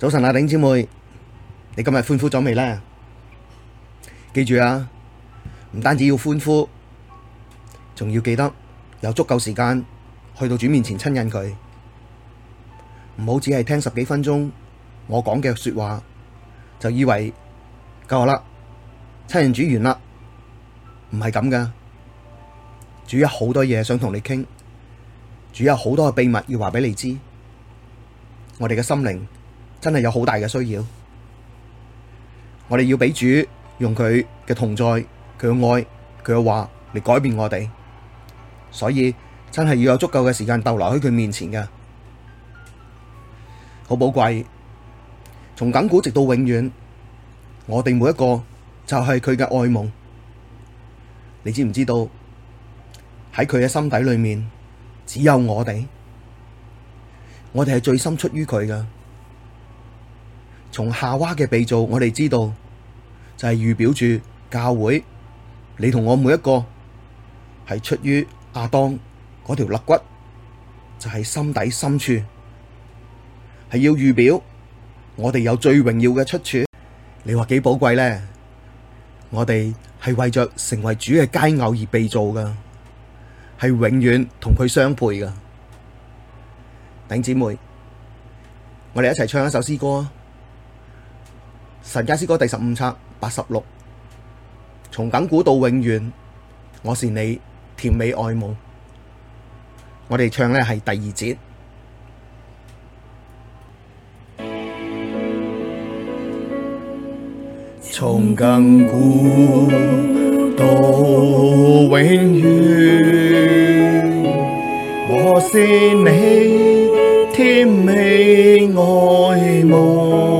早晨啊，頂姐妹，你今日歡呼咗未呢？記住啊，唔單止要歡呼，仲要記得有足夠時間去到主面前親近佢，唔好只係聽十幾分鐘我講嘅說話，就以為夠啦，親近主完啦，唔係咁噶，主有好多嘢想同你傾，主有好多嘅祕密要話俾你知，我哋嘅心靈。真係有好大嘅需要，我哋要俾主用佢嘅同在、佢嘅愛、佢嘅話嚟改變我哋，所以真係要有足夠嘅時間逗留喺佢面前嘅，好寶貴，從亙古直到永遠，我哋每一個就係佢嘅愛夢。你知唔知道喺佢嘅心底裏面只有我哋，我哋係最深出於佢嘅。從夏娃嘅被造，我哋知道就係、是、預表住教會，你同我每一個係出於亞當嗰條肋骨，就係、是、心底深處係要預表我哋有最榮耀嘅出處。你話幾寶貴呢？我哋係為着成為主嘅佳偶而被造㗎，係永遠同佢相配㗎。頂姊妹，我哋一齊唱一首詩歌啊！神家詩歌第十五冊八十六，從亘古到永遠，我是你甜美愛夢。我哋唱呢係第二節，從亘古到永遠，我是你甜美愛夢。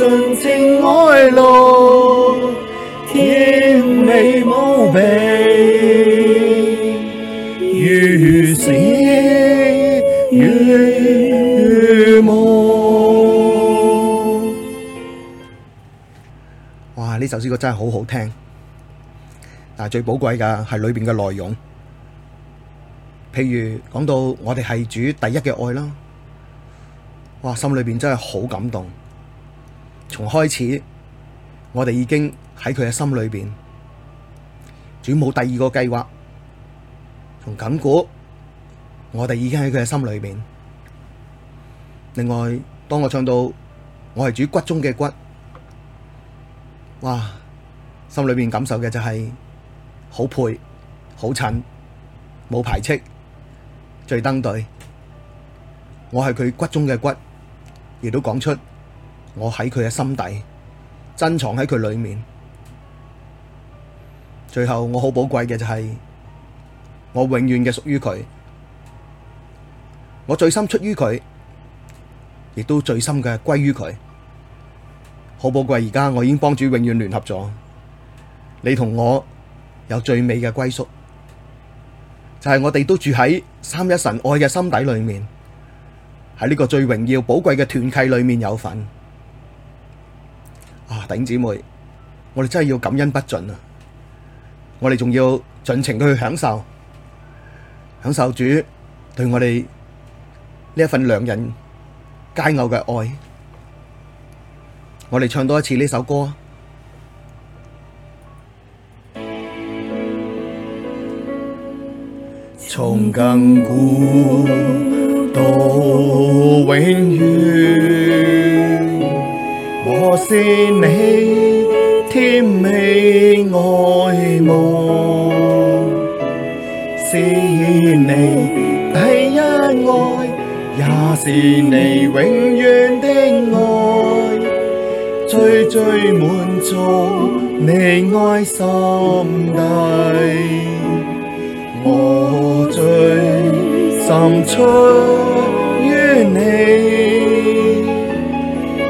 盡情愛路，甜美無比，如詩如夢。哇！呢首詩歌真係好好聽，但係最寶貴噶係裏邊嘅內容。譬如講到我哋係主第一嘅愛啦，哇！心裏邊真係好感動。從開始，我哋已經喺佢嘅心裏邊，主冇第二個計劃。從亙古，我哋已經喺佢嘅心裏邊。另外，當我唱到我係主骨中嘅骨，哇，心裏邊感受嘅就係、是、好配、好襯、冇排斥、最登對。我係佢骨中嘅骨，亦都講出。我喺佢嘅心底珍藏喺佢裏面，最後我好寶貴嘅就係、是、我永遠嘅屬於佢，我最深出於佢，亦都最深嘅歸於佢。好寶貴，而家我已經幫主永遠聯合咗你同我有最美嘅歸宿，就係、是、我哋都住喺三一神愛嘅心底裏面，喺呢個最榮耀寶貴嘅團契裏面有份。啊！弟兄姊妹，我哋真係要感恩不盡啊！我哋仲要盡情去享受，享受主對我哋呢一份良人佳偶嘅愛。我哋唱多一次呢首歌啊！從亙古到永遠。我是你甜美愛夢，是你第一愛，也是你永遠的愛，最最滿足你愛心底，我最深出於你。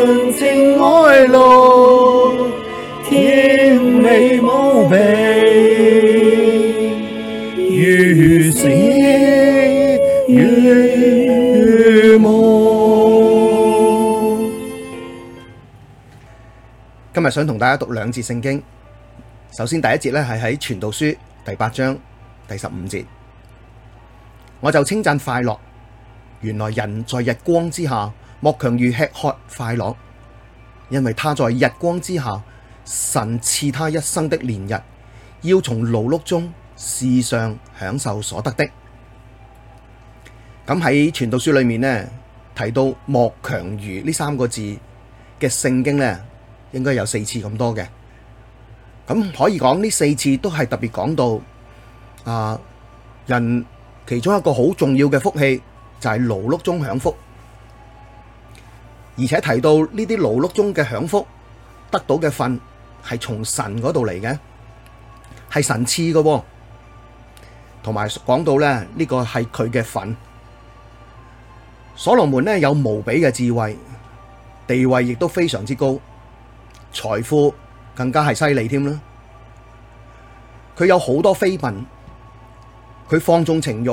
盡情愛路，甜美無比，如詩如夢。今日想同大家讀兩節聖經，首先第一節咧係喺《傳道書》第八章第十五節，我就稱讚快樂，原來人在日光之下。莫強如吃喝快樂，因為他在日光之下，神賜他一生的年日，要從勞碌中，時常享受所得的。咁喺傳道書裏面呢，提到莫強如呢三個字嘅聖經呢，應該有四次咁多嘅。咁可以講呢四次都係特別講到啊人其中一個好重要嘅福氣就係勞碌中享福。而且提到呢啲勞碌中嘅享福得到嘅份係從神嗰度嚟嘅，係神賜嘅，同埋講到咧呢個係佢嘅份。所羅門呢有無比嘅智慧，地位亦都非常之高，財富更加係犀利添啦。佢有好多妃嬪，佢放縱情欲，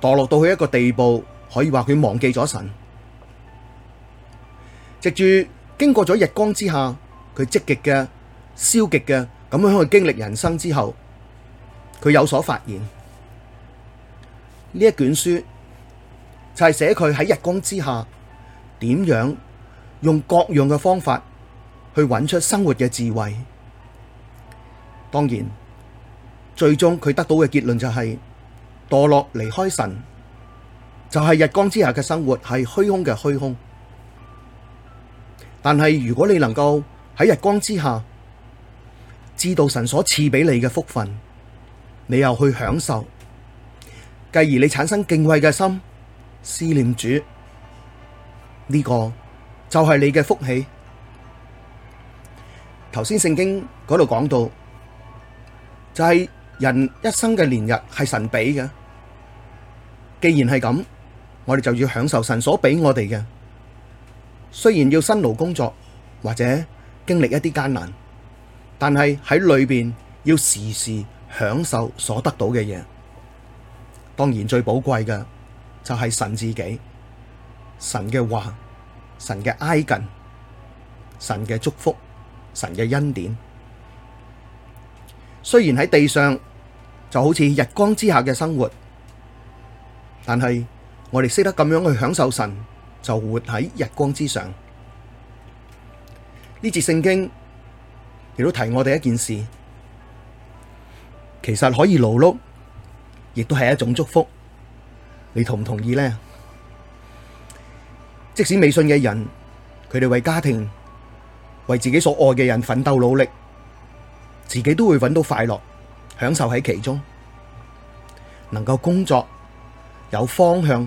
墮落到去一個地步，可以話佢忘記咗神。藉住經過咗日光之下，佢積極嘅、消極嘅，咁樣去經歷人生之後，佢有所發現。呢一卷書就係寫佢喺日光之下點樣用各樣嘅方法去揾出生活嘅智慧。當然，最終佢得到嘅結論就係墮落離開神，就係日光之下嘅生活係虛空嘅虛空。但係，如果你能夠喺日光之下知道神所賜俾你嘅福分，你又去享受，繼而你產生敬畏嘅心，思念主，呢、這個就係你嘅福氣。頭先聖經嗰度講到，就係、是、人一生嘅年日係神俾嘅。既然係咁，我哋就要享受神所畀我哋嘅。雖然要辛勞工作或者經歷一啲艱難，但係喺裏邊要時時享受所得到嘅嘢。當然最寶貴嘅就係神自己，神嘅話，神嘅挨近，神嘅祝福，神嘅恩典。雖然喺地上就好似日光之下嘅生活，但係我哋識得咁樣去享受神，就活喺日光之上，呢節聖經亦都提我哋一件事，其實可以勞碌，亦都係一種祝福，你同唔同意呢？即使未信嘅人，佢哋為家庭、為自己所愛嘅人奮鬥努力，自己都會搵到快樂，享受喺其中，能夠工作有方向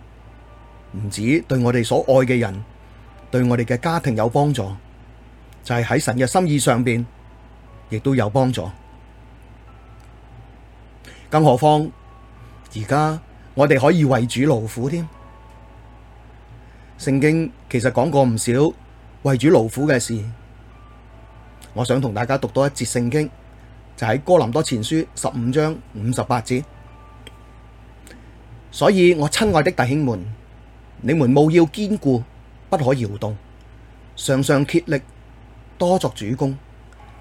唔止對我哋所愛嘅人，對我哋嘅家庭有幫助，就係喺神嘅心意上邊，亦都有幫助。更何況而家我哋可以為主勞苦添。聖經其實講過唔少為主勞苦嘅事，我想同大家讀多一節聖經，就喺哥林多前書十五章五十八節。所以我親愛的弟兄們。你們務要堅固，不可搖動，常常竭力，多作主工，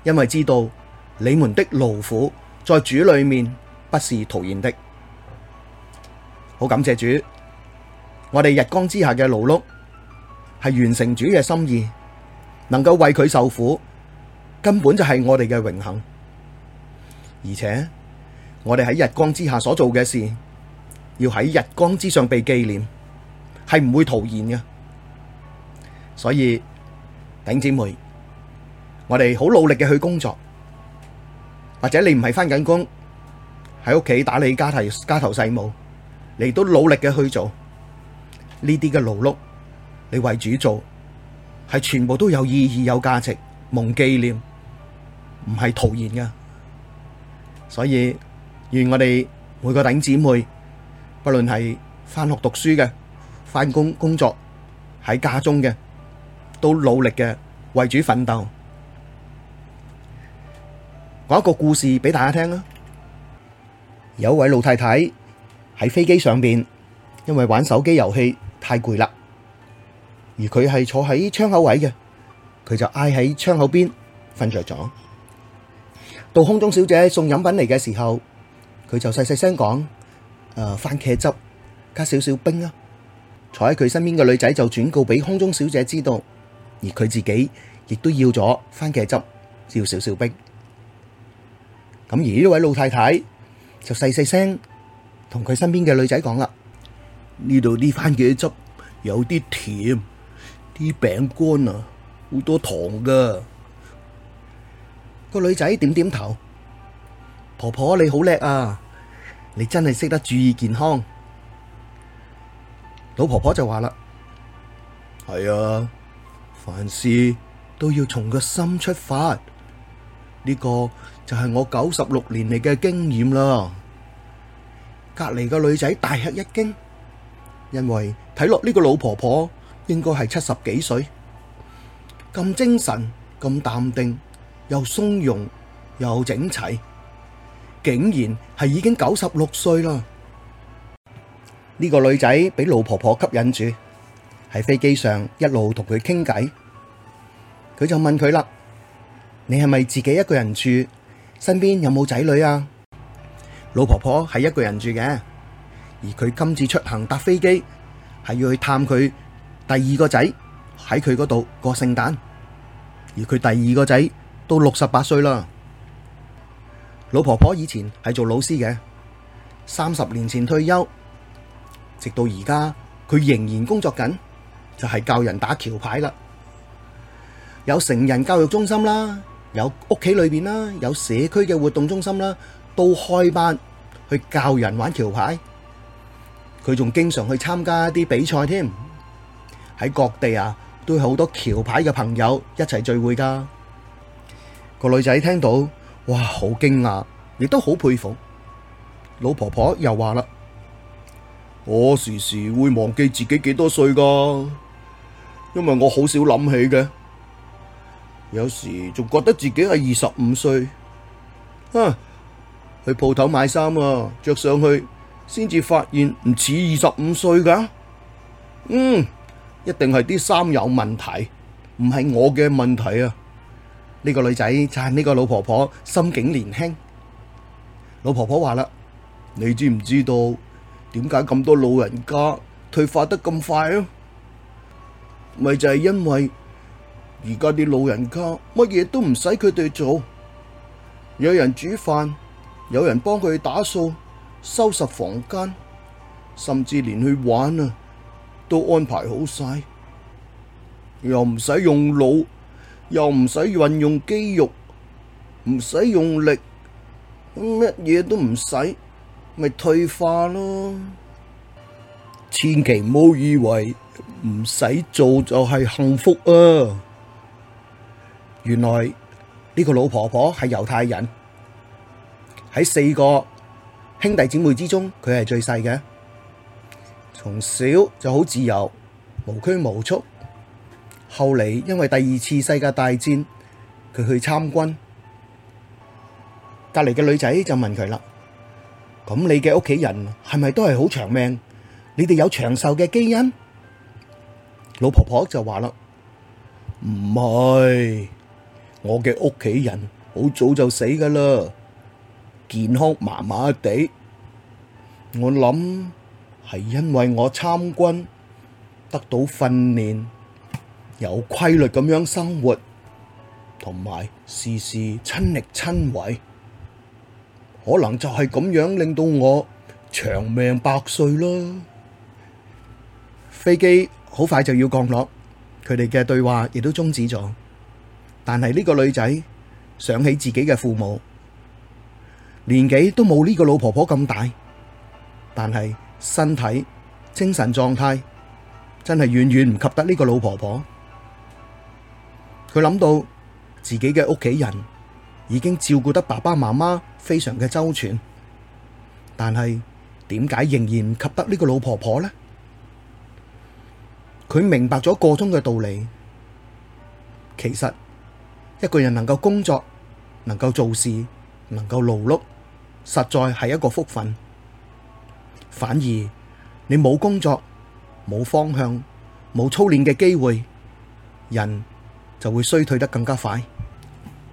因為知道你們的勞苦在主裡面不是徒然的。好感謝主，我哋日光之下嘅勞碌係完成主嘅心意，能夠為佢受苦，根本就係我哋嘅榮幸。而且我哋喺日光之下所做嘅事，要喺日光之上被紀念。係唔會徒然嘅，所以頂姊妹，我哋好努力嘅去工作，或者你唔係翻緊工喺屋企打理家頭家頭細務，你都努力嘅去做呢啲嘅勞碌，你為主做，係全部都有意義、有價值、蒙紀念，唔係徒然嘅。所以願我哋每個頂姊妹，不論係翻學讀書嘅，翻工工作、喺家中嘅都努力嘅為主奮鬥，講一個故事俾大家聽啊。有一位老太太喺飛機上邊，因為玩手機遊戲太攰啦，而佢係坐喺窗口位嘅，佢就挨喺窗口邊瞓着咗。到空中小姐送飲品嚟嘅時候，佢就細細聲講：誒，番茄汁加少少冰啊。坐喺佢身邊嘅女仔就轉告畀空中小姐知道，而佢自己亦都要咗番茄汁，要少少冰。咁而呢位老太太就細細聲同佢身邊嘅女仔講啦：呢度啲番茄汁有啲甜，啲餅乾啊好多糖噶。個女仔點點頭，婆婆你好叻啊，你真係識得注意健康。老婆婆就話啦：係啊，凡事都要從個心出發，呢個就係我九十六年嚟嘅經驗啦。隔籬個女仔大吃一驚，因為睇落呢個老婆婆應該係七十幾歲，咁精神、咁淡定、又松容又整齊，竟然係已經九十六歲啦。呢個女仔俾老婆婆吸引住，喺飛機上一路同佢傾偈，佢就問佢啦：你係咪自己一個人住？身邊有冇仔女啊？老婆婆係一個人住嘅，而佢今次出行搭飛機係要去探佢第二個仔喺佢嗰度過聖誕，而佢第二個仔都六十八歲啦。老婆婆以前係做老師嘅，三十年前退休。直到而家，佢仍然工作緊，就係教人打橋牌啦。有成人教育中心啦，有屋企裏邊啦，有社區嘅活動中心啦，都開班去教人玩橋牌。佢仲經常去參加一啲比賽添，喺各地啊，都好多橋牌嘅朋友一齊聚會噶。個女仔聽到，哇，好驚訝，亦都好佩服。老婆婆又話啦。我時時會忘記自己幾多歲噶，因為我好少諗起嘅。有時仲覺得自己係二十五歲，啊，去鋪頭買衫啊，着上去先至發現唔似二十五歲噶。嗯，一定係啲衫有問題，唔係我嘅問題啊。呢、這個女仔就係呢個老婆婆心境年輕。老婆婆話啦，你知唔知道？點解咁多老人家退化得咁快啊？咪就係因為而家啲老人家乜嘢都唔使佢哋做，有人煮飯，有人幫佢打掃、收拾房間，甚至連去玩啊都安排好晒，又唔使用腦，又唔使運用肌肉，唔使用力，乜嘢都唔使。咪退化咯！千祈唔好以為唔使做就係幸福啊！原來呢個老婆婆係猶太人，喺四個兄弟姐妹之中，佢係最細嘅。從小就好自由，無拘無束。後嚟因為第二次世界大戰，佢去參軍。隔籬嘅女仔就問佢啦。咁你嘅屋企人係咪都係好長命？你哋有長壽嘅基因？老婆婆就話啦，唔係，我嘅屋企人好早就死噶啦，健康麻麻地。我諗係因為我參軍，得到訓練，有規律咁樣生活，同埋事事親力親為。可能就係咁樣令到我長命百歲啦！飛機好快就要降落，佢哋嘅對話亦都終止咗。但係呢個女仔想起自己嘅父母，年紀都冇呢個老婆婆咁大，但係身體、精神狀態真係遠遠唔及得呢個老婆婆。佢諗到自己嘅屋企人。已經照顧得爸爸媽媽非常嘅周全，但係點解仍然及得呢個老婆婆呢？佢明白咗個中嘅道理。其實一個人能夠工作，能夠做事，能夠勞碌，實在係一個福分。反而你冇工作，冇方向，冇操練嘅機會，人就會衰退得更加快。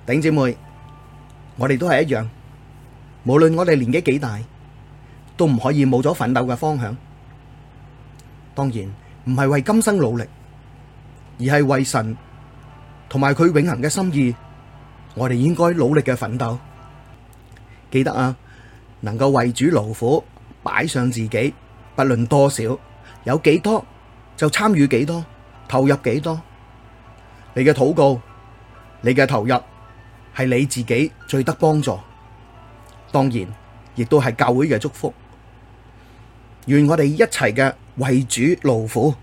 頂姐妹。我哋都係一樣，無論我哋年紀幾大，都唔可以冇咗奮鬥嘅方向。當然，唔係為今生努力，而係為神同埋佢永恆嘅心意，我哋應該努力嘅奮鬥。記得啊，能夠為主勞苦，擺上自己，不論多少，有幾多就參與幾多，投入幾多。你嘅禱告，你嘅投入，係你自己最得幫助，當然亦都係教會嘅祝福。願我哋一齊嘅為主勞苦。